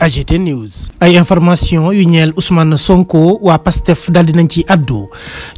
AGT News. ay information yu ñeel Ousmane Sonko waa PASTEF daal di nañ ci addu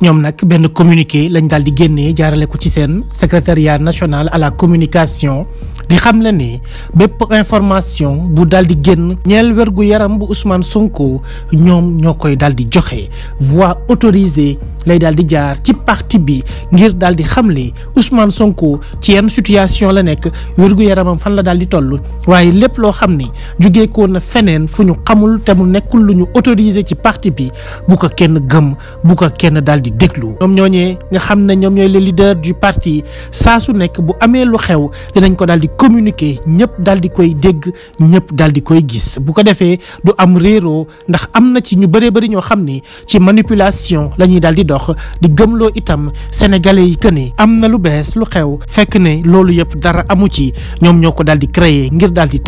ñoom nag benn communiqué lañ daal di génnee jaarale ko ci seen secrétariat national à la communication di xam la ne bépp information bu daal di génn ñeel wergu yaram bu Ousmane Sonko ñoom ñoo koy daal di joxe voix autorisée lay daal di jaar ci parti bi ngir daal di xamle Ousmane Sonko ci yenn situation la nekk wergu yaramam fan la daal di toll waaye lépp loo xam ne jugee ko na feneen fu ñu xamul te mu nekkul lu ñu autorisé ci parti bi bu ko kenn gëm bu ko kenn daal di déglu. ñoom ñooñee nga xam ne ñoom ñooy les leaders du parti saa su nekk bu amee lu xew dinañ ko daal di communiquer ñëpp daal di koy dégg ñëpp daal di koy gis bu ko defee du am réero ndax am na ci ñu bëree bëri ñoo xam ni ci manipulation la ñuy daal di dox di gëmloo itam sénégalais yi que ne am na lu bees lu xew fekk ne loolu yëpp dara amu ci ñoom ñoo ko daal di créer ngir daal di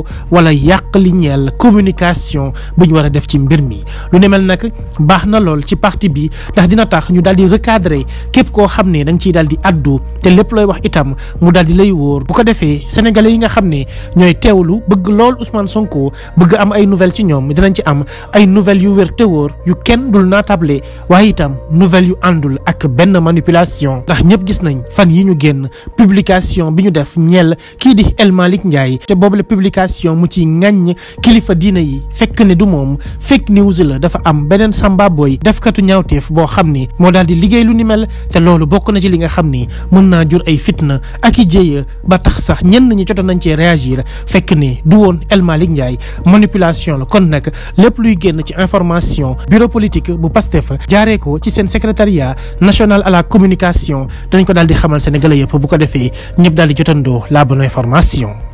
taxaw wala yàq li ñeel communication bu ñu war def ci mbir mi lu ne mel nag baax na lool ci parti bi ndax dina tax ñu daal di recadrer képp koo xam ne da nga ciy daal di addu te lépp looy wax itam mu daal di lay wóor bu ko defee sénégalais yi nga xam ne ñooy teew lu bëgg lool Ousmane Sonko bëgg am ay nouvelle ci ñoom dinañ ci am ay nouvelles yu wér te wóor yu kenn dul naatable waaye itam nouvelles yu àndul ak benn manipulation ndax ñëpp gis nañ fan yi ñu génn publication bi ñu def communication mu ci ŋàññ kilifa diina yi fekk ne du moom fake news la dafa am beneen Samba Boy defkatu ñaawteef boo xam ni moo daal di liggéey lu ni mel te loolu bokk na ci li nga xam ni mën naa jur ay fitna ak i jéeya ba tax sax ñenn ñi jotoon nañ cee réagir fekk ni du woon El njaay Ndiaye manipulation la kon nag lépp luy génn ci information bureau politique bu PASTEF jaaree ko ci seen secrétariat national à la communication dañ ko daal di xamal Sénégalais yëpp bu ko defee ñëpp daal di